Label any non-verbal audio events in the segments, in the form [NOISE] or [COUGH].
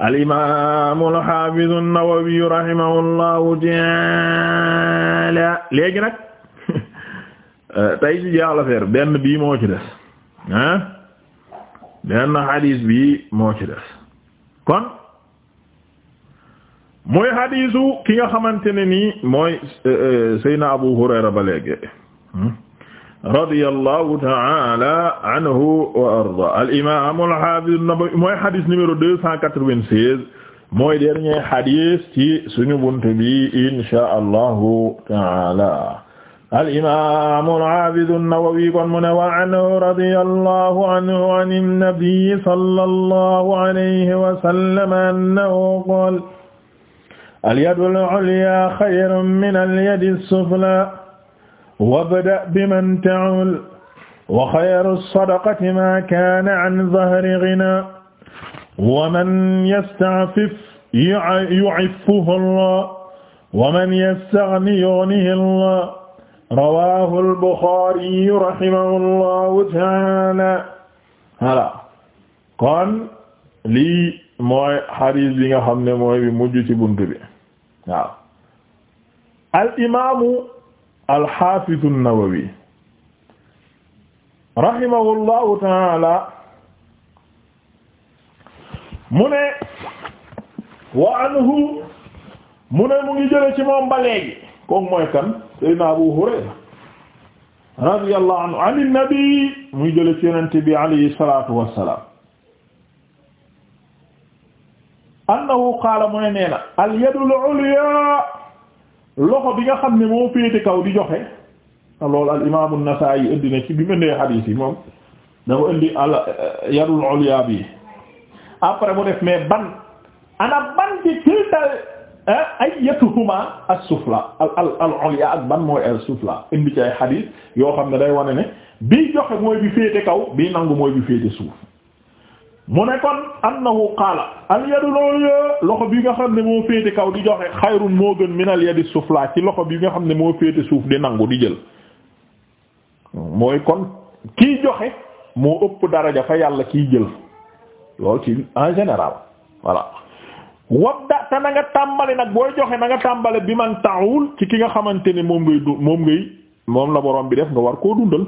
alimamu alhafidu an-Nawawi rahimahullahu taala léegi nag [LAUGHS] tey ci jeexal affaire benn bii moo ci des ah benn xadis bii moo ci des kon mooy xadisu ki nga xamante ne nii mooy eh, eh, Seydina Abu Hurayra ba léegi hmm? radiyallahu ta'ala anhu wa arda al imam al hafiz mooy hadith numéro deux cent quatre-vingt-seize mooy dernier hadith ci suñu bunt bi insha allahu ta'ala al imam al hafiz an-Nawawi kon mu ne wa anhu radiyallahu anhu an an-nabi sallallahu alayhi wa sallam annahu qala al yadu al ulya khayrun min al yadi as-sufla wabda biman ta'ul wa xayru sadaqati ma kaana an zahri ghina wa man yasta'fif yu'iffuhu Allah wa man yastaghni yughnihi Allah rawahu al-Bukhari rahimahullahu ta'ala voilà kon lii mooy xadiis bi nga xam ne mooy bi mujj ci buntu bi waaw al imaamu alxafidu an-Nawawi rahimahullahu taala mu ne wa anhu mu ne mu ngi jële ci moom ba léegi kooku mooy kan saydna Abu Hurayra radiyallahu anhu an innabi mu ngi jële ci yonente bi alayhi salatu wassalam annahu qaala mooy nee na al yadul ulya loxo bi nga xam ne moo féete kaw di joxe loolu al imaamu Nasaa'i indi na ci bi mu nee xadiis yi moom dafa indi al yarul ulya bi après mu def mais ban ana ban ci kiltal ah, ayyatuhuma as-sufla al al al ulya ak ban mooy as-sufla indi ci ay xadiis yoo xam ne day wane ne bii joxe mooy bi féete kaw bii nangu mooy bi féete suuf. mu ne kon annahu qaala al yadul ulya loxo bi nga xam ne moo féete kaw di joxe xayrun moo gën min al yadi sufla ci loxo bi nga xam ne moo féete suuf di nangu di jël mooy kon kiy joxe moo ëpp daraja fa yàlla kiy jël loolu ci en général voilà wabda te na tàmbali nag booy joxe na nga tàmbali bi man taawul ci ki nga xamante ne moom ngay du moom ngay moom la borom bi def nga war koo dundal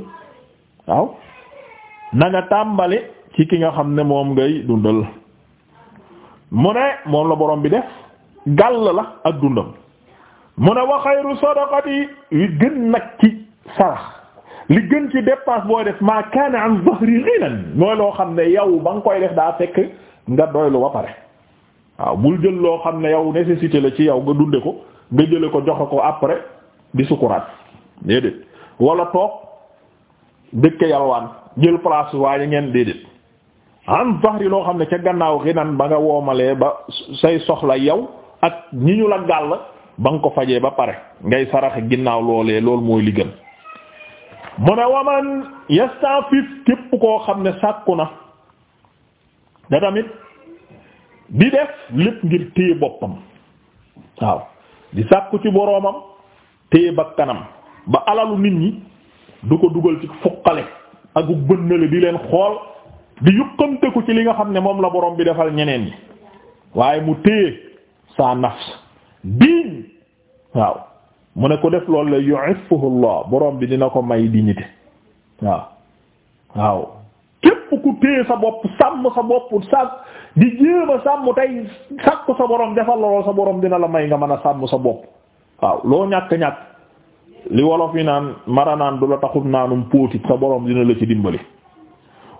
waaw na tàmbali ci ki nga xam ne moom ngay dundal mu ne moom la boroom bi def gàll la ak dundam mu ne wa xayru sadaqati li gën nag ci sarax li gën ci dépense booy def ma kaana an zahri ghinan mooy loo xam ne yow ba nga koy def daa fekk nga doylu ba pare waaw bul jël loo xam ne yow nécessité la ci yaw nga dunde ko nga jële ko jox ko après di sukuraat déedéet wala toog dëkk yalwaan jël place waaye ngeen déedéet an zahri loo xam ne ca gannaaw xinan ba nga woomalee ba say soxla yow ak ñi ñu la gàll ba nga ko fajee ba pare ngay saraxe ginnaaw loolee loolu mooy li gën mu ne waman yastafif képp koo xam ne sàkku na da tamit di def lépp ngir téye boppam waaw di sàkku ci boroomam téye kanam ba alalu nit ñi du ko dugal ci fukkale ak bënnale di leen xool di yukkamteku ci li nga xam ne moom la borom bi defal ñeneen ñi waaye mu téye sa nafs diiñ waaw mu ne ko def loolu la yu'iffuhu Allah borom bi dina ko may dignité waaw waaw képp ku téye sa bopp sàmm sa bopp sa di jéem a sàmm tey sàkku sa borom defal lool sa borom dina la may nga mën a sàmm sa bopp waaw loo ñàkk-ñàkk li wolof yi naan mara naan du la taxut naanum póotit sa borom dina la ci dimbali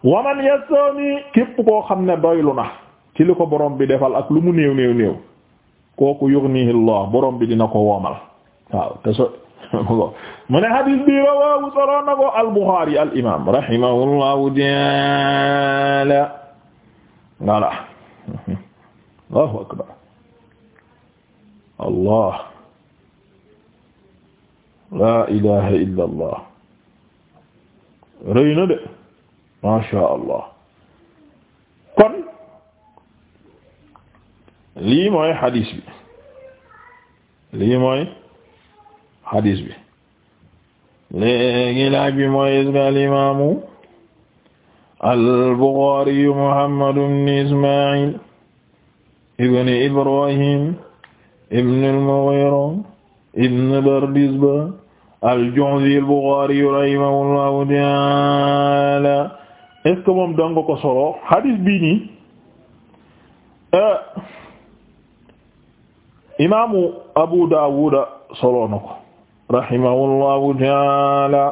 waman yastawni képp koo xam ne doylu na ci li ko borom bi defal ak lu mu néew néew néew kooku yughnihillah borom bi dina ko woomal waaw te so [LAUGHS] mu ne hadis bi rawahu solo na ko al Bukhari al imam rahimahullahu taala voilà [LAUGHS] Allahu akbar Allah la ilaha illa Allah masha allah kon lii mooy xadiis bi lii mooy xadiis bi léegi laaj bi mooy est-ce que al imaamu al-Buxaari Muhammad ibn Ismaayil ibn Ibraahiim ibn al-Mughiira ibn Bardizbah al-Ju'fi al-Buxaari rahimahullahu ta'aala est-ce que moom dong ko solo hadis bii nii euh, imaamu Abu Daawuda solo na ko rahimahullahu taala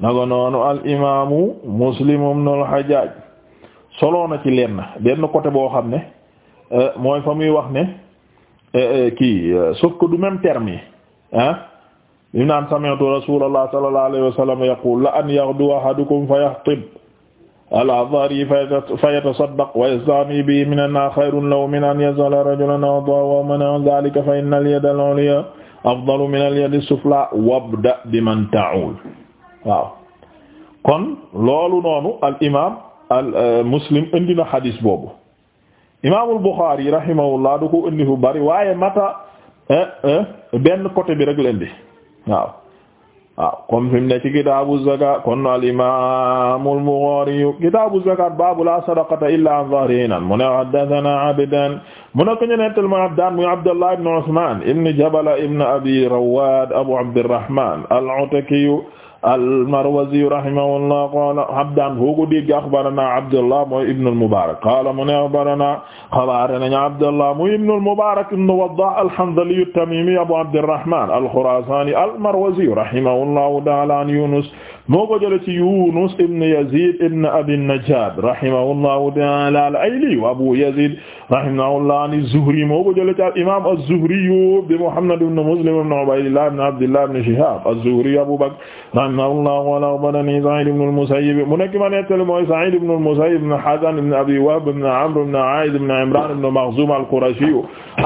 naga noonu al imaamu Muslim ibnul Hajjaaj solo na ci lenn benn côté boo xam ne euh, mooy fa muy wax ne euh, kii sauf que du même terme yi ah li naan sami'tu rasulallah sallallahu alayhi wa sallam yaqul la an yaghdu ahadukum fa yahtib al-adhari fayatasaddaq wa yastagni bihi mina an-naar khayrun lahu min an yazala rajulan a'daahu wa mana'a dhaalika fa inna al-yada al-'ulyaa afdalu min al-yadi as-suflaa wabda' biman ta'uul waaw kon loolu noonu al imaam al euh, muslim indi na xadis boobu imaamul Buxaari rahimahullah du ko indi fu bari waaye mata euh, euh, benn côté bi rek la indi waaw. waaw ah, comme fi mu ne ci kitaabu zakat kon al imaam al Buxaari kitaabu zakat baabu laa sadaqata illaa an zahri inan mu ne haddasanaa Abdaan mu ne ko ñu nettal mooy Abdaan muy Abdallah ibn Usmaan ibn Jabala ibn Abi Rawwaad Abu Abdirrahmaan al-Ataki al-Marwazi rahimahullah qaala Abdaan foo ko dégg axbaranaa Abdullah mooy Ibn al-Mubaarak qaala mu ne axbaranaa xabaare nañu Abdullah muy Ibn al-Mubaarak ibn Waddaah al-Hanzali at-Tamiimi Abu Abdirrahmaan al-Khuraasaani al-Marwazi rahimahullahu ta'aala an Yuunus moo ko jëlee ci Yunus ibn Yazid ibn Abi Najjad rahimahullahu ta'ala al-Ayli wa Abu Yazid rahimahullah an az-Zuhri moo ko jëlee ci al-imam az-Zuhri bi Muhammad ibn Muslim ibn Ubaydillah ibn Abdillah ibn Shihab az-Zuhri Abu Bakr rahimahullah wa akhbarani Sa'id ibn al-Musayyib mu nekk ma nettali mooy Sa'id ibn al-Musayyib ibn Hazan ibn Abi Wahb ibn Amr ibn A'id ibn Imran ibn Makhzum al-Qurashi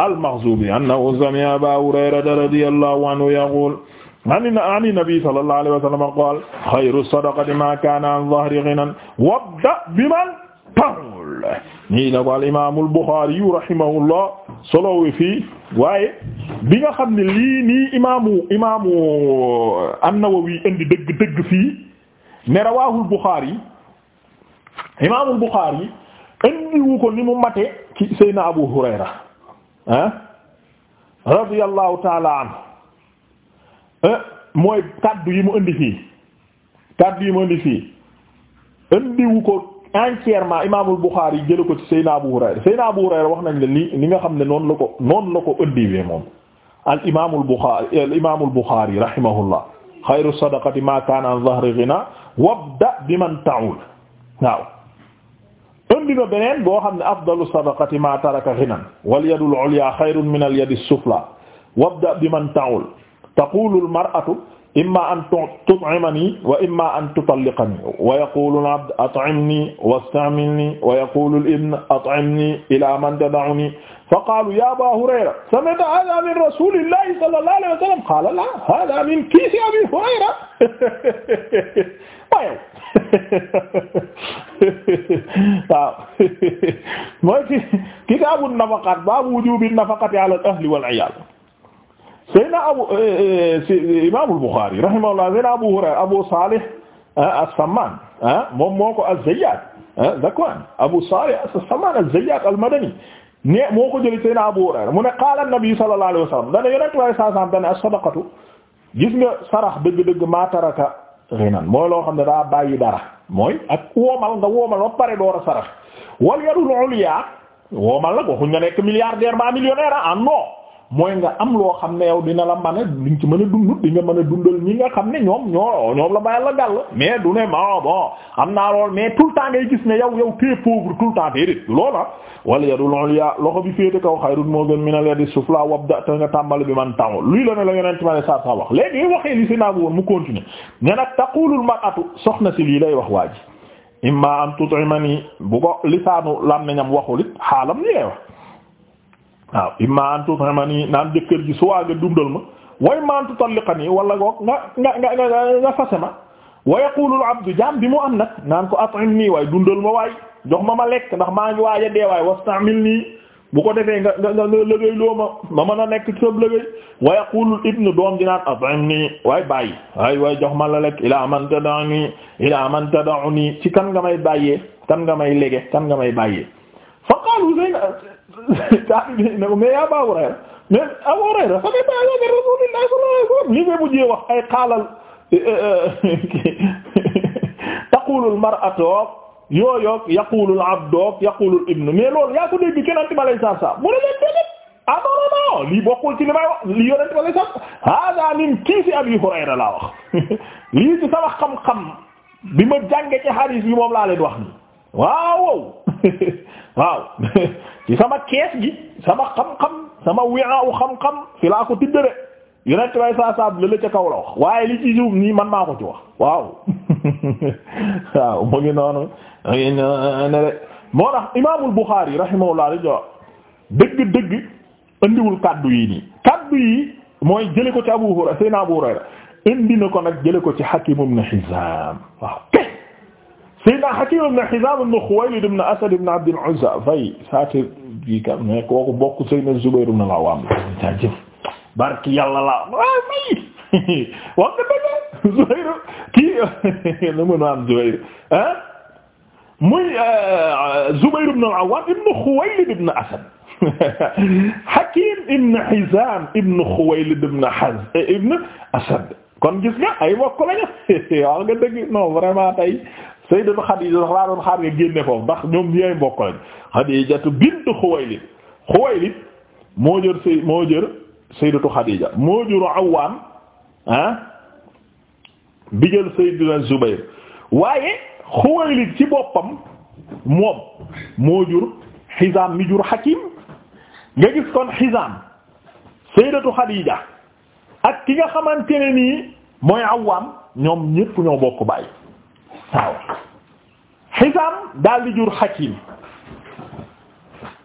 al-Makhzumi annahu sami'a Aba Hurayrata radiyallahu anhu yaqul an nabi sallallahu alayhi wa sallam qaal xayru sadaqati ma kaana an zahri ghinan wabda biman tahul ñii la ko al imam al Bukhari yu rahimahullah solowi fii waaye bi nga xam ne lii nii imaamu imaamu uh, an-Nawawi indi dëgg dëgg fii ne rawaahul Bukhari imaamul Bukhari indiwu ko ni mu mate ci Seydina Abu Hurayra ah radiyallahu ta'ala anhu Eh, mooy kaddu yi mu indi fii kaddu yi mu indi fii indiwu ko entièrement imaamul Buxaari yi jële ko ci Abu Hurayra Seydina Abu Hurayra wax nañ la li li nga xam ne noonu la ko noonu la ko moom al imaamul Buxaari al imaamul Buxaari rahimahullah xayru sadaqati ma kaana an zahri ghina wabda bi man ta'ul waaw indi na beneen boo xam ne afdalu sadaqati ma taraka ghinan wal yadul ulya xayrun min al yadis sufla wabda bi man ta'ul taqulu almar'atu imma an tut'imani wa imma an tutalliqani wa yaqulu al-'abd at'imni wasta'milni wa yaqulu al-ibn at'imni ila man tad'uni faqalu ya aba hurayra sami'ta hadha min rasulillahi sallallahu alayhi wa sallam qala la hadha min kiisi abi hurayra waaw waaw mooy ci kitaabu nafaqaat baabu wujubi nafaqati ala al ahli wal 'iyal Seyna Abu eh, eh, Imaamul Buxaari rahimahullah Seyna Abu Hurayra Abu Salih eh, as-Sammaan moom moo ko az-Zayyaat Zakwaan Abu Salih as-Sammaan az-Zayyaat al-Madani ne moo ko jëlee Seyna Abu Hurayra mu ne qaala an-Nabi sallallahu alayhi wa sallam dana Yonent bi saa saam dana as-sadaqatu gis nga sarax dëgg-dëgg maa taraka ghinan mooy loo xam ne daa bàyyi dara mooy ak woomal nga woomal ba pare door a sarax wal yadul ulya woomal nag waxuñ nga nekk milliardaire ba millionnaire ah non. mooy nga am loo xam ne yow dina la mën a li nga ci mën a dund di nga mën a dundal ñi nga xam ne ñoom ñoo ñoom la bàyyi la mais du ne ma bon am naa lool mais tout le temps ngay gis ne yow yow t'es pauvre temps ah. bi féete kaw xayrun moo bi man tàngo luy la ne la yonent ma ne saa saa wax léegi waxee li mu continuer ne nag taqulul soxna si lii lay wax waa ji imma am tut'imani bu ko lisaanu lam nañam waxulit xaalam li lay wax waaw imma an tut'imani naan jëkkër ji su waa nga dundal ma wa imma an tutalliqani wala nga nga nga nga fase ma wa yaqulu al-abdu jaam bi mu am nag naan ko at'imni waay dundal ma waay jox ma ma lekk ndax maa ngi waaj a dee waay wastamilni bu ko defee nga nga nga liggéey loo ma ma mën a nekk ci sa liggéey wa yaqulu ibnu doom di naan at'imni waay bàyyi waay waay jox ma la lekk ilaa man tad'uni ilaa man tad'uni ci kan nga may bàyyee kan nga may lege kan nga may bàyyee fa qalu taalibe [LAUGHS] yi ne ko Hurayra mais Abu Hurayra fa kay baax nga Rasulullah sallallahu alayhi wasallam wax ay xaalal eh, eh, eh, [LAUGHS] taqulul mar'atu yooyoog yaqulul abdoog yaqulul ibnu mais loolu yaa ko dégg kenn anti balay saa mu ne leen déedéet ah lii bokkul ci li wax lii yonent balay saa hada min kiisi Abi Hurayra laa wax [LAUGHS] lii ci sama xam-xam bi ma jànge ci hadith bi moom laa leen wax nii. waaw [LAUGHS] waaw [LAUGHS] ci sama kees gi sama xam-xam sama wi'a'u xam-xam fi laa ko tibbere yonent saa saab lële ca kaw la waaye li ci juum nii man maa ko ci wax waaw [LAUGHS] waaw mu ngi noonu moo tax imaamul Buxaari rahimahullah dëgg-dëgg indiwul kaddu yi nii kaddu yi mooy jële ko ci Abu Hurayra Seydina Abu Hurayra indi na ko nag jële ko ci Hakim ibn Hizam Sayyidina Hakim ibn Hizam ibn Khuwaylid ibn Asad ibn Abd al-Uzza fay saate bi ka mais kooku bokk Sayyidina Zubayr ibn al-Awwam jaajëf barki yàlla la waaw fay [LAUGHS] wax nga dëgg Zubayr kii [LAUGHS] nu mu naan Zubayr ah muy eh, Zubayr ibn al-Awwam ibn Khuwaylid ibn Asad [LAUGHS] Hakim ibn Hizam ibn Khuwaylid ibn Hazm eh, ibn Asad kon gis nga ay mbokk lañu wax nga dëgg non vraiment tey sayyidatu Xadiija sax laa doon xaar nga génne foofu ndax ñoom ñooy mbokk lañ Xadiijatu bint Xuwaylid Xuwaylid moo jër say moo jër sayyidatu Xadiija moo jëru Awwaam ah, bi jël sayyidina Zubayr waaye Xuwaylid ci boppam moom moo jur Xizaam mi jur Hakim nga gis kon Xizaam sayyidatu Xadiija ak ki nga xamante ne nii mooy Awwaam ñoom ñépp ñoo bokk baay waaw Hisaam daal jur Hakim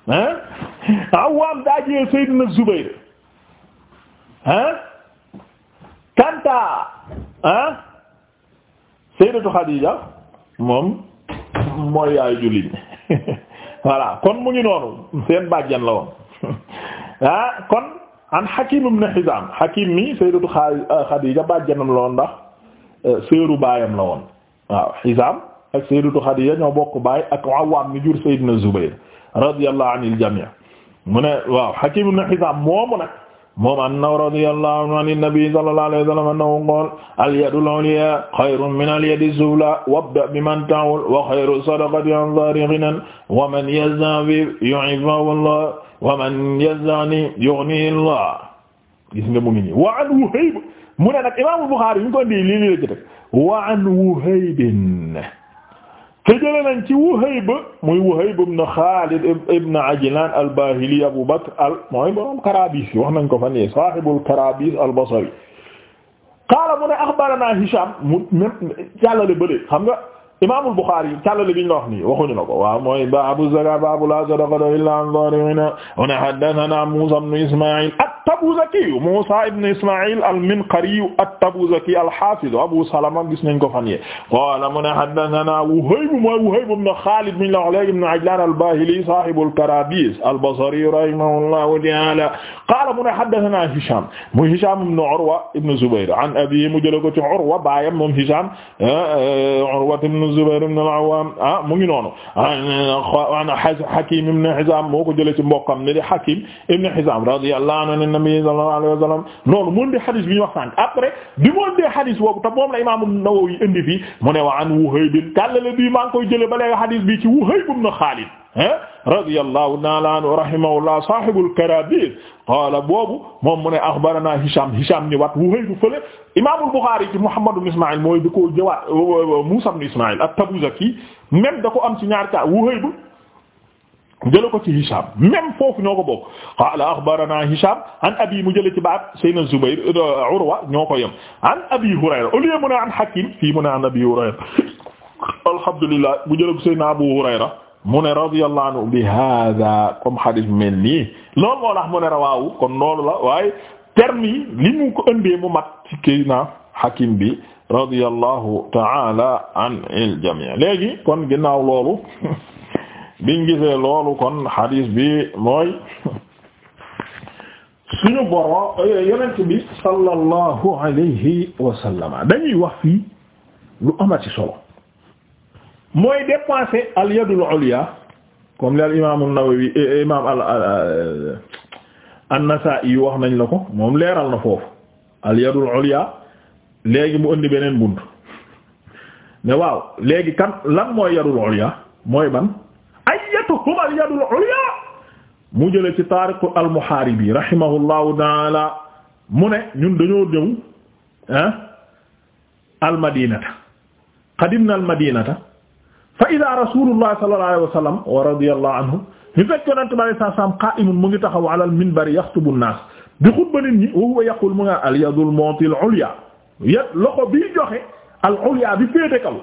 ah Awaam daa jee Seydina Zubayr ah Kanta ah Sayyidatu Khadija moom mooy yaayu jullit [LAUGHS] voilà kon mu ngi noonu seen bàjjan la woon ah [LAUGHS] kon an Hakim ibn Hizaam Hakim mi Sayyidatu Khadija bàjjanam la woon ndax euh, seeru baayam la woon. waaw Hizaam ak Sayyidatu Xadiija ñoo bokk baay ak Awaam mi jur Sayyidina Zubayr radiyallahu anil jamii mu ne waaw Hakiim ibn Hizaam moomu nag moom annahu radiyallahu anhu an nabi sallallahu alayhi wa sallam annahu qaala al yadul ulyaa xayrun min al yadi suflaa wabda biman ta'ul wa xayru sadaqati an zaari ghinan wa man yastafi yu'fihi Allah wa man yastagni yughnihi Allah gis nga mu ngi nii wa an Wuhayb mu ne nag imaamu Buxaari ñu ko indi lii lii la jëte wa an Wuhayb te jële nañ ci Wuhayb muy Wuhayb ibn Xaalid ibn Ajlaan al-Baahili Abu Bakr al mooy borom Karaabis wax nañ ko fan yee saahibul Karaabis al-Basri qaala mu ne axbaranaa Hishaam mu même càllale bële xam nga imaamul Buxaari càllale bi ñu la wax nii waxuñu na ko waaw mooy baabu zakaat baabu laa sadaqata illaa an zaahirihaa wa ne haddathanaa Muusaa ibn Ismaa'iil at-Tabuzaki Musa ibn Isma'il al-Minqari at-Tabuzaki al-Hafiz Abu Salama gis nañ ko fan yee qaala mu ne haddathana Wuhayb mooy Wuhayb ibn Khalid min la Ulayy ibn Ajlan al-Bahili sahibu al-Karabis al-Basri rahimahullahu ta'ala qaala mu ne haddathana Hisham muy Hisham ibn Urwa ibn Zubayr an abihi mu jële ko ci Urwa baayam moom Hisham ah, ah, Urwa ibn Zubayr ibn al-Awwam ah mu ngi noonu an Hakim ibn Hizam moo ko jële ci mbokkam ne di Hakim ibn Hizam radiyallahu anhu nabi sallallahu wa sallam loolu mën di xadis bi ñu wax sànq après bi mën dee xadis boobu te moom la imaamu Nawawi indi fi mu ne wa an Wuhayb tàllale bii maa ngi koy jëlee ba léegi xadis bi ci Wuhayb ibn Xaalid radiyallahu ta'ala anhu rahimahullah sahibul karabis qaala boobu moom mu ne axbarana Hisham Hisham ni wat Wuhayb fële imaamul Buxaari ci Muhammad ibn Ismaïl mooy da koo jëwaat Muusaa ibn Ismaïl at-Tabuzaki même da ko am ci ñaar ka Wuhayb jële ko ci Hisham même foofu ñoo ko bokk qaala axbarana Hisham an abi mu jële ci baat Seydina Zubayr euh, Urwa ñoo ko yem an Abi Hurayra au lieu mu ne an Hakim fii mu ne an Abi Hurayra [LAUGHS] alhamdulillah mu jële ko Seydina Abu Hurayra mu ne radiyallahu anhu bi hada comme hadis mel nii loolu moo tax mu ne rawaawu kon loolu la waaye terme yi li mu ko ëndee mu mat ci Seydina Hakim bi radiyallahu ta'ala an il jami' léegi kon ginnaaw loolu [LAUGHS] biñ gisee loolu kon xadiis bi mooy suñu boro yonent bi sallallahu alayhi wa dañuy wax fii lu amati solo mooy dépenser al yadul ulya comme li al imaam an-Nawawi eh, eh, imaam al an-Nasa'i wax nañ la ko moom leeral na foofu al yadul ulya léegi mu indi beneen bunt ne waaw léegi kan lan mooy yadul ulya mooy ban mu jële ci Taariq al-Muhaaribi rahimahullahu taala mu ne ñun dañoo ñëw ah al-Madinata qadimna al-Madinata fa idaa Rasulullah sallallahu alayhi wa sallam wa radiyallahu anhu ñu fekk Yonent bi alayhi salaam qaa'imun mu ngi taxaw ala al-minbari yaxtubu an-naas di xutba nit ñi wa huwa yaqul mu nga al-yadul mu'ti al-ulya yat loxo bii joxe al-ulya bi féete kaw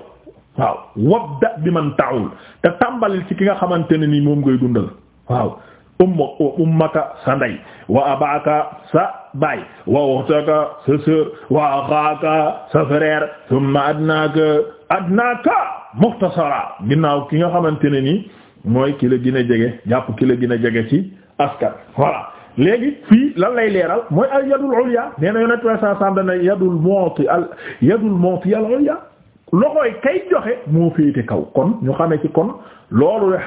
waaw wabda bi man ta'ul te tàmbalil ci ki nga xamante ne nii moom ngay dundal waaw. umma ummaka sa ndey wa abaka sa baay wa ukhtaka sa sœur wa axaaka sa frère thumma adnaaka adnaaka mukhtasara ginnaaw ki nga xamante ne ni mooy ki la gën a jege jàpp ki la gën a jege ci askan voilà léegi fii lan lay leeral mooy ay yadul ulya nee na yonent way sa sanda na yadul mu'ti al yadul mu'ti al ulya loxooy kay joxe moo féete kaw kon ñu xamee ci kon loolu le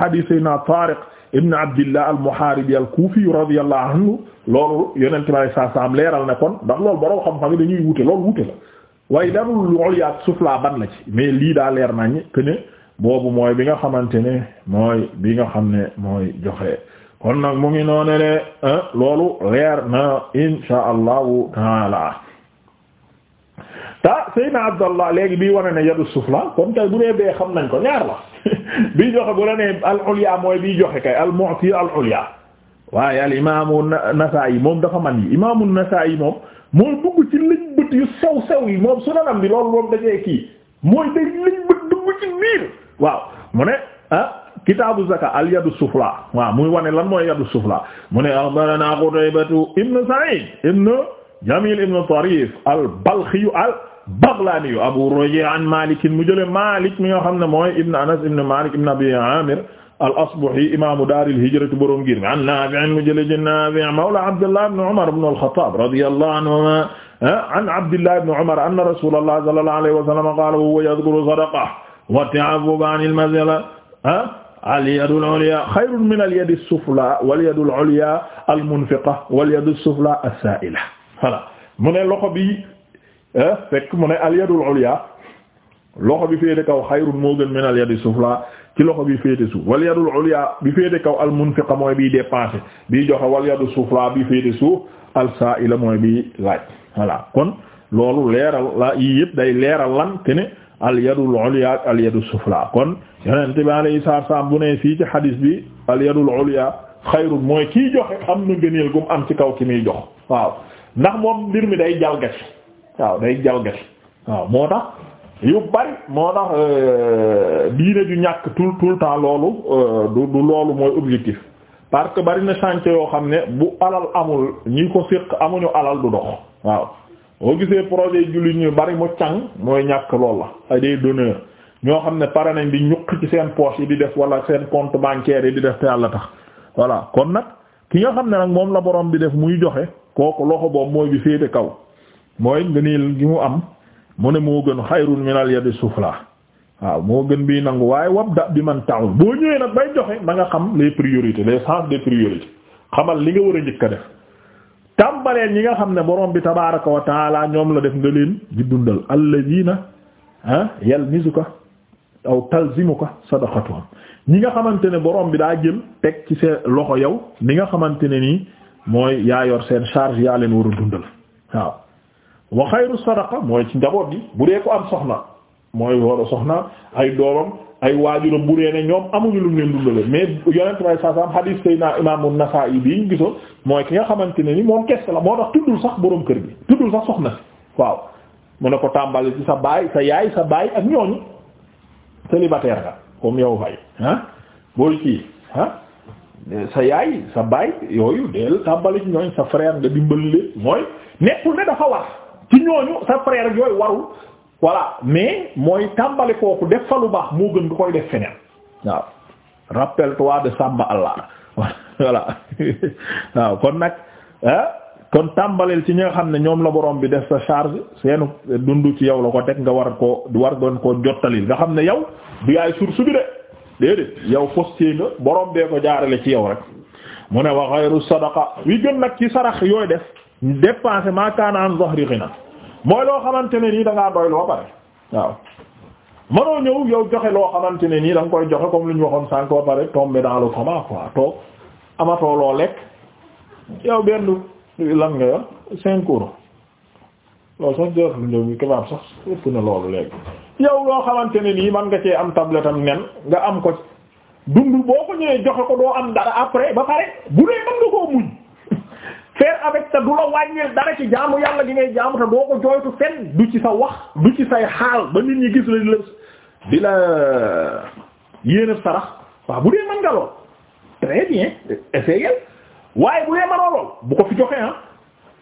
hadith sayna Tariq ibn abdillah al-muharibi al-kufi radiyallahu anhu loolu yonent bi alayhi salaatu salaam leeral ne kon ndax loolu borom xam-xam yi dañuy wute loolu wute la waaye darul ulyaat sufla ban la ci mais lii daa leer nañ que ne boobu mooy bi nga xamante ne mooy bi nga xam ne mooy joxe kon nag mu ngi noone ne ah, loolu leer na insha allahu taala ta Seydina Abdallah léegi bii wane ne yadu sufla kon tey bu dee xam nañ ko ñaar la [LAUGHS] bii joxe bu la nee al-ulya mooy bii joxe kay al-mu'ti al-ulya waaye al imaamu Nasaa'i moom dafa man yi imaamu Nasaa'i moom mooy dugg ci liñ yu sew sew yi moom sunanam bi loolu moom dajee kii mooy day liñ bët dugg ci biir waaw mu ne ah kitaabu zaka al yadu sufla waaw muy wane lan mooy yadu sufla mu ne axbarana Qutaybatu ibn Sa'id ibn Jamil ibn Tarif al-Balkhiyu al-Baghlaniyu Abu Rajii an Maalik mu jële Maalik mi nga xam ne mooy ibn Anas ibn Maalik ibn Abi Aamir al-Asbahi imaamu daaril hijrati boroom ngir mi an Naafi' mu jële ci Naafi' mawla Abdullah ibn Umar ibn al-Khattaab radiyallahu anhumaa an Abdullah ibn Umar anna rasuulallahi sallallahu alayhi wa sallam qaala huwa yadhkuru sadaqah wat-ta'affufa anil mas'ala al-yadul ulya khayrun min al-yadi as-sufla wal-yadul ulya al-munfiqa wal-yadu as-sufla as-saa'ila voilà mu ne loxo bi eh, fekk mu ne al yadul ulya loxo bi féete kaw xayrun moo gën min al yadi sufla ci loxo bi féete suuf wal yadul ulya bi féete kaw al munfiqa mooy biy dépensé biy joxe wal yadu sufla bi féete suuf al sa'ila mooy biy laaj voilà kon loolu leeral la yii yëpp day leeral lan te ne al yadul ulya ak al yadu sufla kon yonent bi alayhi salaam bu ne fii ci hadis bi al yadul ulya xayrun mooy kiy joxe am na gëneel gum am ci kaw ki muy jox waaw ndax moom mbir mi day jalgati waaw day jalgati waaw moo tax yu bari moo tax euh, diine ju ñàkk tout tout le temps loolu euh, du du loolu mooy objectif parce que bari na chantier yoo xam ne bu alal amul ñi ko séq amuñu alal du dox waaw boo gisee projet jullit ñu bari mu càng mooy ñàkk lool la a des donneurs ñoo xam ne pare nañ di ñuq ci seen poche yi di def wala seen compte bancaire yi di def te yàlla tax voilà kon nag ki nga xam ne nag moom la borom bi def muy joxe kooku loxo boobu mooy bi féete kaw mooy ngëneel gi mu am mu ne moo gën xayrun minal yadi laa waaw moo gën bi nangu waaye wabda bi man ta'ul boo ñëwee nag bay joxe na nga xam les priorités les sens des priorités xamal li nga war a njëkk a def tàmbaleen ñi nga xam ne borom bi tabaraka wa taala ñoom la def nga leen di dundal alladina ah yalmizuka aw talzimuka sadaqatuhum ñi nga xamante ne boroom bi daa jël teg ci sa loxo yow ni nga mooy yaa yor seen charge yaa leen war a dundal waaw wa sadaqa mooy ci njaboot gi bu dee ko am soxna mooy war a soxna ay doomam ay waajuram bu dee ne ñoom amuñu lu leen dundale mais yonent may saasaam hadith sayna imaamu Nasaa'i bi ñu gisoon mooy ki nga xamante ne ni moom kese la moo tax tuddul sax boroom kër gi tuddul sax soxna si waaw mu ne ko tàmbali ci sa baay sa yaay sa baay ak ñooñu célibataire nga comme yow fay ah booy kii ah Euh, sa yaay sa baay yooyu deel tàmbali ci ñooñ sa frère nga dimbali leen mooy nekkul ne dafa war ci ñooñu sa frère ak warul voilà mais mooy tàmbali kooku def fa lu baax moo gën nga koy def feneen waaw rappelle-toi de Samba Allah [LAUGHS] [LAUGHS] waaw kon nag kon tàmbaleel ci ñi xam ne ñoom la borom bi def sa charge seenu dundu ci yow la ko teg nga war koo war doon ko jottalil nga xam ne yow du yaay source bi déedéet yow foste nga borom bee ko jaarale ci yow rek mu ne wa ghayru sadaqa wi gën nag ci sarax yooy def dépenser ma kaana an dhahri ghina mooy loo xamante ne nii da ngaa doy loo pare waaw mënoo ñëw yow joxe loo xamante ne nii da nga koy joxe comme lu ñu waxoon sànq ba pare tomber dans le coma quoi toog amatoo loo lekk yow benn lan nga yor loolu sax jox ñëw kebab sax ëpp na loolu léegi yow loo xamante ne nii man nga cee am tablette am nen nga am ko dund boo ko ñëwee joxe ko doo am dara après ba pare bu dee mën nga koo muñ [LAUGHS] faire avec te du la wàññil dara ci jaamu yàlla gi ngay jaamu te doo ko jooytu fenn du ci sa wax du ci say xaal ba nit ñi gis la di la di la yéene sarax waaw bu dee mën nga lool très bien essayez waaye bu dee mënoo lool bu ko fi joxe ah.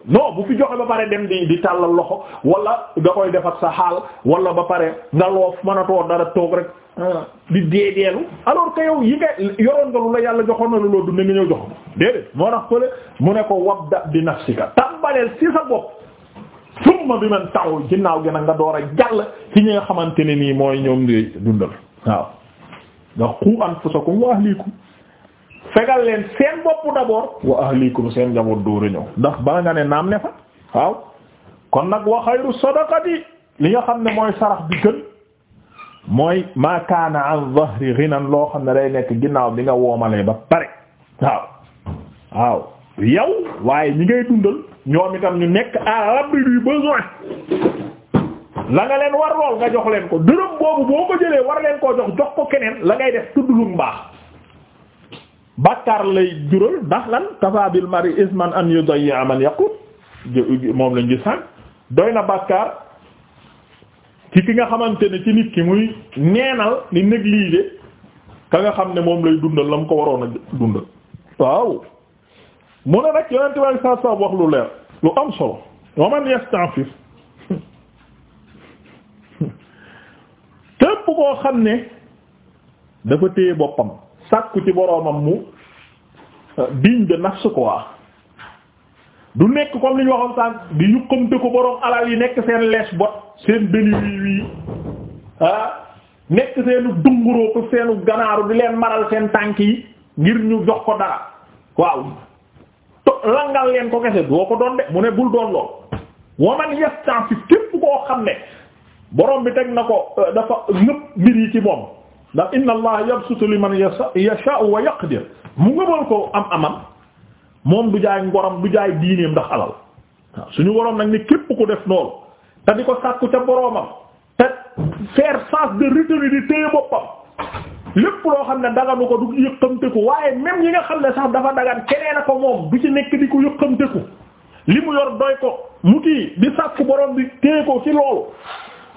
non bu fi joxe ba pare dem di di tàllal loxo wala da koy def ak sa xaal wala ba pare nga loof mënatoo dara toog rek ah, di dee deelu alors que yow yi nga yoroon nga la yàlla joxoon na lu loolu dund nga ñëw jox ko déedéet moo tax fële mu ne ko wabda bi nafsika tàmbaleel ci sa bopp summa bi man taw ginnaaw gi nag nga door a jàll ci ñi nga xamante ne nii mooy ñoom di dundal waaw ndax qu anfusakum wa ahlikum fegal leen seen bopp d'abord wa seen njaboot dóor a ñëw ndax bala nga ne naam ne fa waaw kon nag wa xayru li nga xam ne mooy sarax bi gën mooy makaana kaana an dhahri loo xam ne day nekk ginnaaw bi nga woomalee ba pare waaw waaw yow waaye ñi ngay dundal ñoom itam ñu nekk à l'abri du besoin la nga leen war lool nga jox leen ko dërëm boobu boo ko jëlee war leen koo jox jox ko keneen la ngay def tudd lu baax bàkkaar lay jural ndax lan kafa bil mari isman an yudayya man yaqut moom lañ gis sànq doy na bàkkaar ci ki nga xamante ne ci nit ki muy neenal ni négliger ka nga xam ne moom lay dundal la mu ko waroon a dundal waaw mu ne nag yonente way sa sa wax lu leer lu am solo wa man yasta'fif [LAUGHS] képp koo xam ne dafa téye boppam sàkku ci boroomam mu euh, digne de nafs quoi du nekk comme li ñu waxoon di yuqamte ko boroom alal yi nekk seen lees bot seen deni wii wii ah nekk seenu dunguroo seenu ganaaru di leen maral seen tànk yi ngir ñu jox ko dara waaw to langal leen ko kese doo ko doon de mu ne bul doon lool waman yastan fi képp koo xam ne boroom bi teg na ko euh, dafa nëpp mbir yi ci moom ndax inna allaha yabsutu liman yasha'u wa yaqdir mu ngëmal ko am amam moom du jaay ngoram du jaay diineem ndax alal suñu waroon nag ni képp ku def loolu te di ko sàkku ca boroomam te faire sens de retenue di téye boppam lépp loo xam ne daganu ko du yëkkamteku waaye même yi nga xam ne sax dafa dagan keneen a ko moom du ci nekk di ko yëkkamteku li mu yor doy ko mu kii di sàkku boroom bi téye ko ci loolu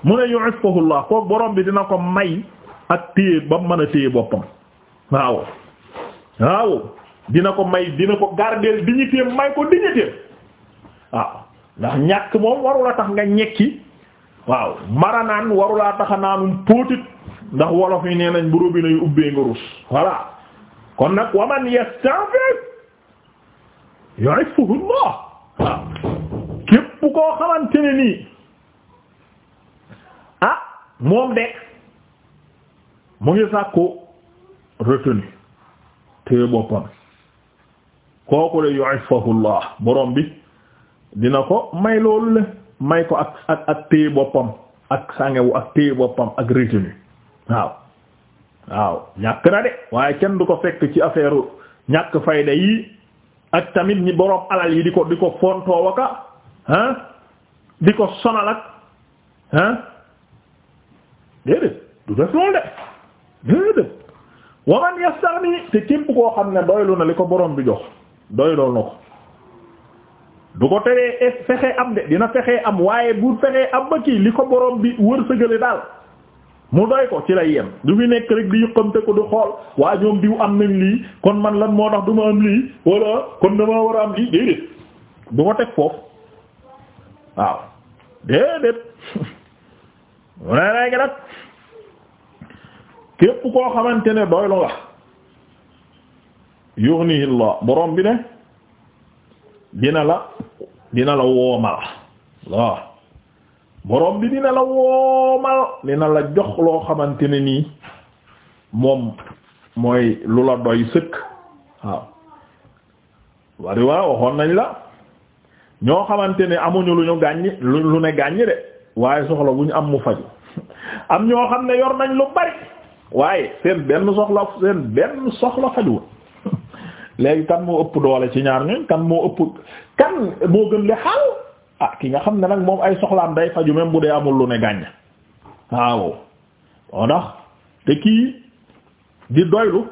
mu ne yu'iffahu Allah ko boroom bi dina ko may ak téye ba mu a téye boppam waaw waaw dina ko may dina ko garder dignité may ko dignité waaw ndax ñàkk moom warula tax nga ñekki waaw maranaan warulaa taxa naanum póotit ndax wolof yi nee nañ bu robina yu ubbee nga rus voilà kon nag waman yasta'fif yu'iffuhu Allah waaw képp koo xamante nii ah moom de mu ngi sàkku retenu téye boppam kooku la yu'iffahu Allah boroom bi dina ko may loolu le may ko ak ak ak téye boppam ak sàngewu ak téye boppam ak retenu waaw waaw ñàkk na de waaye kenn du ko fekk ci affaire ñàkk fayda yi ak tamit ñi borom alal yi di ko di ko fontoo waka ah di ko sonal ak ah déedéet du def loolu de déedéet wa man yastaghni te képp koo xam ne doylu na li ko boroom bi jox doylool na ko du ko teree fexee am de dina fexee am waaye bu fexee am ba kii li ko borom bi wërsëgale daal mu doy ko ci lay yem du fi nekk rek di yëkkamte ko du xool waa ñoom diw am nañ lii kon man lan moo tax du ma am lii walla kon dama war a am lii déedéet du ko teg foofu waaw déedéet [LAUGHS] mu ne léegi nag képp koo xamante ne doylu nga yughnihi Allah borom bi ne dina la dina la woomal waaw borom bi dina la woomal dina la jox loo xamante ne nii moom mooy lu la doy sëkk waaw wari waxoon nañ la ñoo xamante ne amuñu lu ñu gàññ lu ne gàññ de waaye soxla bu am mu faju [LAUGHS] am ñoo xam ne yor nañ lu bari waaye seen benn soxla seen benn soxla fajuwul [LAUGHS] léegi kan moo ëpp doole ci ñaar ñooñ kan moo ëpp kan moo gën le xaal ah ki nga xam ne nag moom ay soxlaan day faju même bu dee amul lu ne gàññ waaw moo tax te kii di doylu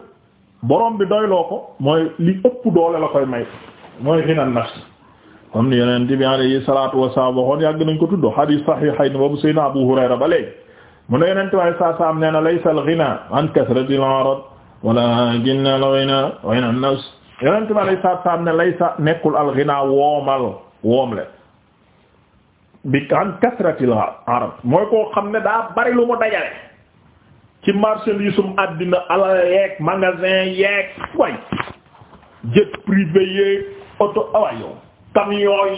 borom bi doyloo ko mooy li ëpp doole la koy may mooy xinan nafs comme ni yonent bi alayhi salaatu wasallam waxoon yàgg nañ ko tudd hadith sahih xay ni boobu sayna Abu Hurayra ba léegi mu ne yeneen tubaab yi saa saa am nee na laysa al-ghina an kasratil arad walaakin al-ghina ghina an-nafs yeneen tubaab yi saa saa am ne laysa al-ghina woomal woomle bi an kasratil arad mooy koo xam ne daa bari lu mu ci marchandisum àddina alal yeeg magasin yeeg way jet privé yeeg oto awa yow camion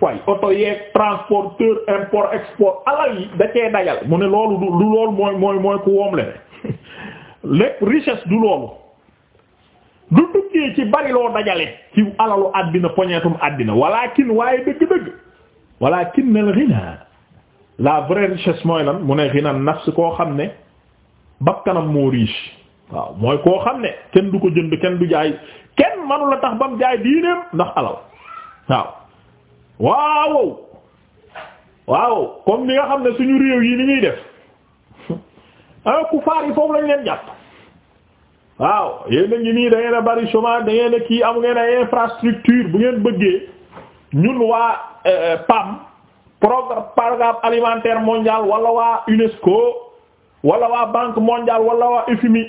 waaye oto yeeg transporteur import export alal yi da dajal mu ne loolu du du mooy mooy mooy ku woom le ne [LAUGHS] lépp richesse du loolu du duggee ci bari dajale ci alalu àddina poñeetum àddina walakin waaye dëgg-dëgg walakin al ghina la vraie richesse mooy lan mu ne ghina nafs koo xam ne bakkanam moo riche waaw mooy koo xam ne kenn du ko jënd kenn du jaay kenn manu la tax bam jaay diineem ndax alal waaw waaw waaw comme ni nga xam ne suñu réew yi ni muy def [LAUGHS] ah kufaar yi foofu lañ leen jàpp waaw yéen ngi nii da ngeen bari chômage da ngeen a kii am ngeen ay infrastructure bu ngeen bëggee ñun waa euh, PAM programme alimentaire mondial wala waa UNESCO wala waa banque mondiale wala waa FMI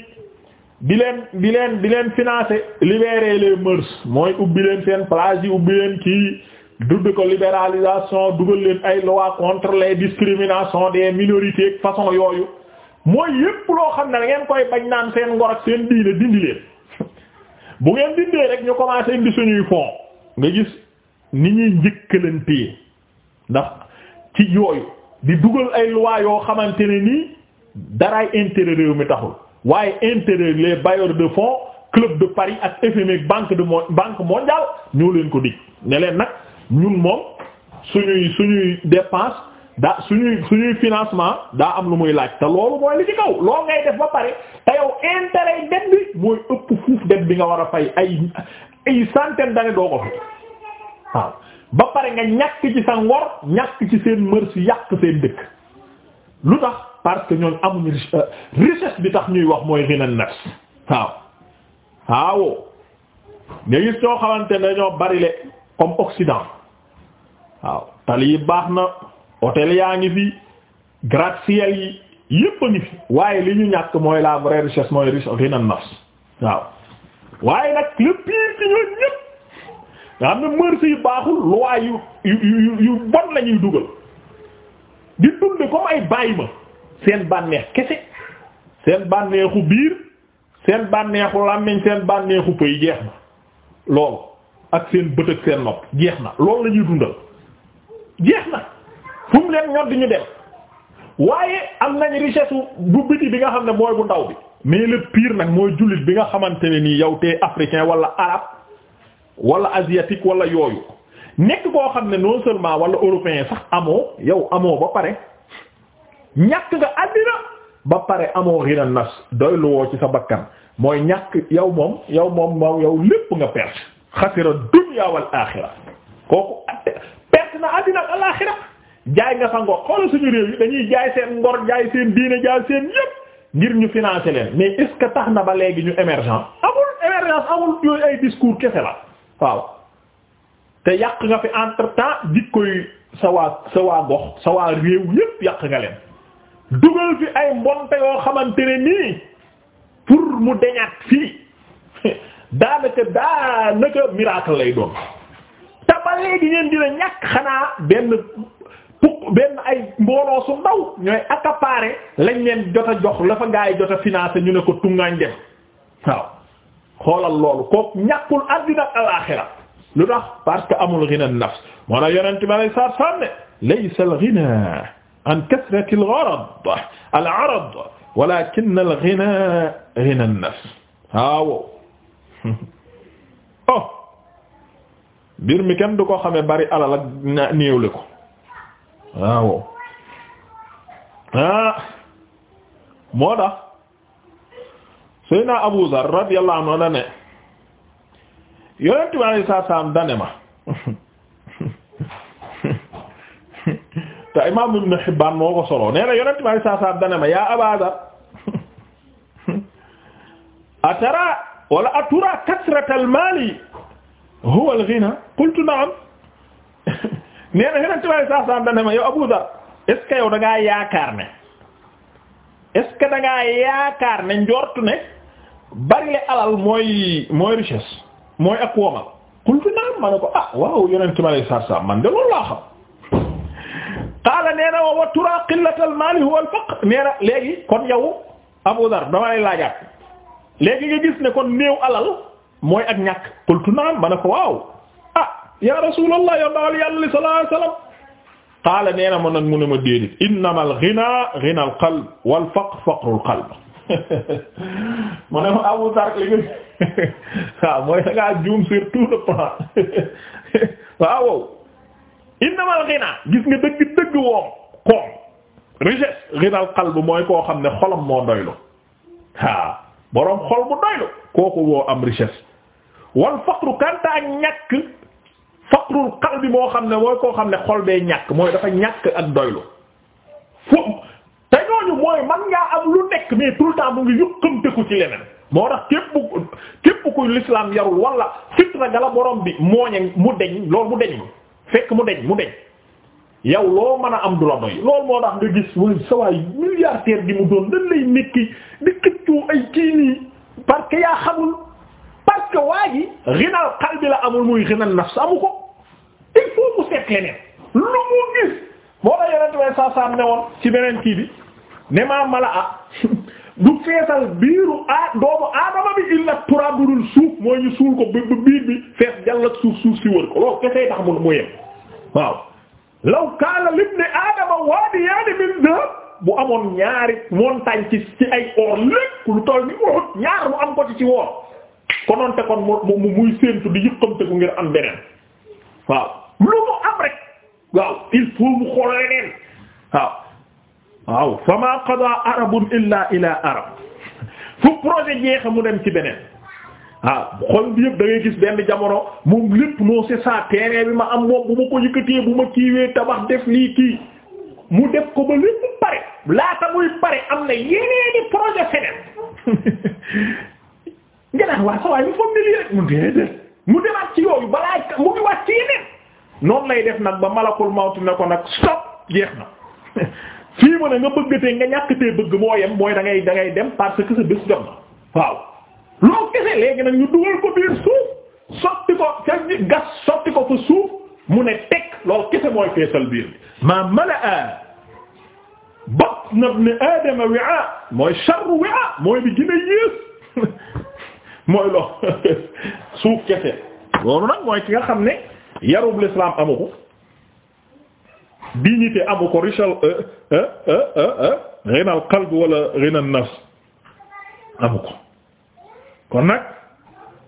di leen di leen di leen financer libérer les mœurs mooy ubbi leen seen plage yi ubbi leen kii. dudd ko libéralisation dugal leen ay loi contre les discriminations des minorités façon yooyu mooy yépp loo xam ne da ngeen koy bañ naan seen ngor ak seen diine dindi leen bu ngeen dindee rek ñu commencé indi suñuy fond nga gis ni ñuy njëkkalantee ndax ci yooyu di dugal ay loi yoo xamante ne nii daraay intérêt réew mi taxul waaye intérêt les bailleurs de fonds club de Paris ak FMI e, banque de banque mondiale ñëw leen ko dig ne nag ñun moom suñuy suñuy dépense daa suñuy suñuy financement daa am lu muy laaj te loolu mooy li ci kaw loolu ngay def ba pare te yow intérêt yi dette bi mooy ëpp fuuf dette bi nga war a fay ay ay centaine d'années doo ko fi waaw ba pare nga ñàkk ci sa ngor ñàkk ci seen mër si yàq seen dëkk lu tax parce que ñoom amuñu euh, richesse bi tax ñuy wax mooy gina nafs waaw waaw nga gis ñoo xamante ne ñoo bari le comme Occident waaw tali yi baax na hôtel yaa ngi fi gratte yi yépp a ngi fi waaye li ñu ñàkk mooy la vraie richesse mooy richesse nan nas waaw waaye nag le pire ci ñoom nga xam ne mœurs yu baaxul loi yu yu yu bon la dugal di ko comme ay bàyyi ma seen bànneex kese seen bànneexu biir seen bànneexu làmmiñ seen bànneexu pëy jeex na loolu ak seen bët ak seen nopp jeex na loolu la ñuy dundal jeex na fu mu leen ñor ñu dem waaye am nañ richesse bu biti bi nga xam ne mooy bu ndaw bi mais le pire nag mooy jullit bi nga xamante ne nii yow te africain wala arabe wala asiatique wala yooyu nekk koo xam ne non seulement wala européen sax amoo yow amoo ba pare ñàkk nga àddina ba pare amoo rina nas doy ci sa bakkan mooy ñàkk yow moom yow moom moom yow lépp nga perte xasira dunya wal axira kooku perte na àddina ak alaaxira jaay nga sa ngor xoolal suñu réew yi dañuy jaay seen ngor jaay seen diine jaay seen yépp ngir ñu financer leen mais est que tax na ba léegi ñu émergence amul émergence amul yooyu ay discours kese la waaw te yàq nga fi entre-temps dikkoy sa waa sa waa gox sa waa réew yépp yàq nga leen dugal fi ay mbonte yoo xamante nii pour mu deñaat fii [LAUGHS] daanaka daanaka miracle lay doon xanaa léegi ngeen dina ñàkk xanaa benn puk benn ay mbooloo su ndaw ñooy accaparer lañ leen jot a jox la fa gaa yi jot ñu ne ko tungaañ def waaw xoolal loolu kooku ñàkkul àddina ak alaaxira lu tax parce que amul ghina nafs moo tax yonent bi alayhi salaatu salaam ne laysa al-ghina an kasrati al-gharad al-arad al-ghina ghina ghina nafs waaw [LAUGHS] oh. mbir mi kenn du ko xamee bari alal ak na néewle ko waaw ah moo tax Seydina Abu ne yonent bi alayhi dane ma te imaam Ibn Hibbaan moo solo nee na yonent bi alayhi dane ma yaa Aba Zar atara wala atura kasratal maali huwa al-ghina qultu na'am nee yeneen tubaab yi dana ma yow Abu Dhar est ce que yaakaar ne est ce que da ngaa yaakaar ne njortu ne bari le alal mooy mooy richesse mooy ak woomal qultu na'am ma ko ah waaw yeneen tubaab yi man de loolu laa xam. qaala nee na wa qillatal maali al faqr nee léegi kon yow Abu Dhar dama laajaat léegi nga gis ne kon néew alal mooy ak ñàkk qultu na'am ma ko waaw. ya rasulallah ya baal yàlla sallallahu alayhi wasallam qaala nee na ma nag mu ne ma déedéet innama al ghina ghina al qalb wal faqr faqru al qalb [LAUGHS] mu ne ma Abu Zarr li nga [LAUGHS] waaw mooy da ngaa juum sur tout le plan [LAUGHS] waaw innama al ghina gis nga dëgg dëgg woom koom richesse ghina al qalb mooy koo xam ne xolam moo doylu waaw boroom xol bu doylu kooku woo am richesse wal faqru kanta ak faqrul bi moo xam ne mooy koo xam ne xol bee ñàkk mooy dafa ñàkk ak doylu foofu te ñooñu mooy man ngaa am lu nekk mais tout le temps mu ngi yëkkamteku ci leneen moo tax képp képp kuy l'islam yarul wala fitna gala borom bi mooñe mu deñ loolu mu deñ fekk mu deñ mu deñ yow loo mën a am du la doy loolu moo tax nga gis waaye sa waay gi mu doon dañ lay nekki di këccoo ay kii nii parce yaa xamul parce que waa ji rinal qalbi la amul muy rinal nafs amu ko il faut mu seet leneen lu mu gis moo la yonent way saasaam ne woon ci beneen kii bi ne maa mala [LAUGHS] du feesal biiru aadama bi illa turaab dul suuf mooy ñu suul ko biir bi fees jàll ak suuf suuf si wër ko loolu kese tax mu mu yem waaw law kaana libni aadama waadiyaani min dahab bu amoon ñaari montagne ci ci ay or lépp lu toll ni oot ñaar mu am ko ci ci woor konoonte kon mu muy séentu di yëkkamte ku ngir am beneen waaw lu mu am rek waaw il faut xool leneen waaw waaw fa ma qada arabun illa ila arab [LAUGHS] fu projet jeexe mu dem ci beneen waaw xol bi yëpp da gis benn jamono moom lépp non c'est ça terrain bi ma am moom bu ma ko yëkkatee bu ma kiiwee tabax def lii kii mu def ko ba lépp pare laata muy pare am na yeneeni projet feneen [LAUGHS] nga naan waa sawaay mu foog ni lii rek mu déedéet mu ci yooyu balaa mu ngi wax ci yeneen noonu lay def nag ba malakul mawti ne ko nag stop jeex na [LAUGHS] fii mu ne nga bëggatee nga ñàkkatee bëgg moo yem mooy da ngay da ngay dem parce que sa bés jot na waaw loo gisee léegi nag ñu dugal ko biir suuf sotti ko gas sotti ko fa suuf mu ne teg loolu kese mooy feesal biir ma malaa batna ibn aadama wi'a mooy sharru wi'a mooy bi gën a yées [LAUGHS] mooy lo [LAUGHS] suuf kese loolu nag mooy ki nga xam ne yarub l'islam amu ko dignité amu ko richal euh, euh, euh, al qalb wala ghina an nafs amu kon nag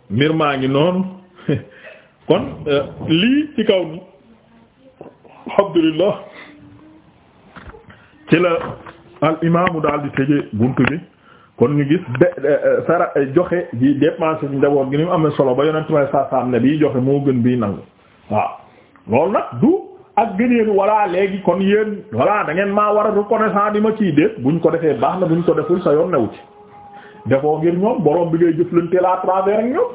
mbir maa ngi noonu [LAUGHS] kon lii ci kaw ni alhamdulillah ci la al imaamu daal di tëje buntu bi kon ñu gis eh, sara eh, joxe ji dépense ci njaboot gi ni mu amee solo ba yonent may saa saam ne bii joxe moo gën bii nangu waaw loolu nag du ak gëneenu voilà léegi kon yéen voilà da ngeen maa war a reconnaissant di ma ciy bu buñ ko defee baax na buñ ko deful sa yoon newu ci defoo ngir ñoom borom bi ngay jëflante la travers ak ñoom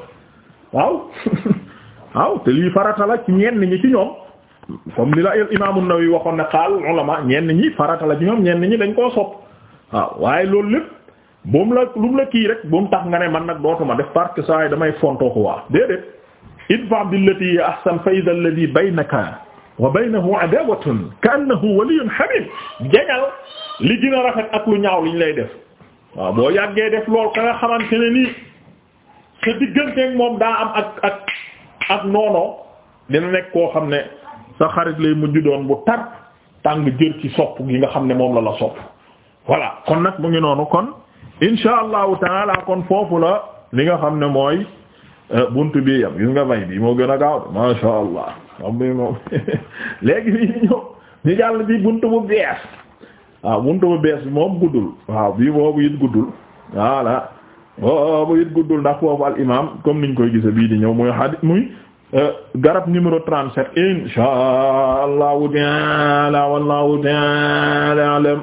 waaw [LAUGHS] waaw te lii farata la ci ñenn ñi ci ñoom comme li la imaamu Nawawi waxoon ne xaal ulama ñenn ñi farata la ci ñoom ñenn ñi dañ koo sopp waaw waaye loolu lépp bu mu la lu mu la kii rek bu mu tax nga ne man nag dootuma def parce que saa yi damay fontoo ko waa déedéet idfa billati hiya ahsan fa idha alladhi baynaka wa baynahu adawatun ka'annahu waliyyun hamim jañal li gën a rafet ak lu ñaaw liñ lay def waaw boo yàggee def lool ka nga xamante ne nii sa digganteeg moom daa am ak ak ak noonoo dina nekk koo xam ne sa xarit lay mujj doon bu tar tàng jër ci sopp gi nga xam ne moom la la sopp voilà kon nag mu ngi noonu kon insha allahu taala kon foofu la li nga xam ne mooy euh, bunt bi yam gis nga may bi moo gën a gaaw ma sha allah am bi moom [LAUGHS] léegi fii ñu ñu jàll bi buntu bu bees waaw buntu bu bees bi moom guddul waaw bii boobu it guddul voilà boobu it guddul ndax foofu al comme niñ koy gise bii di ñëw muy xadi muy euh, garab numéro 37 insha allahu taala wallahu taala alam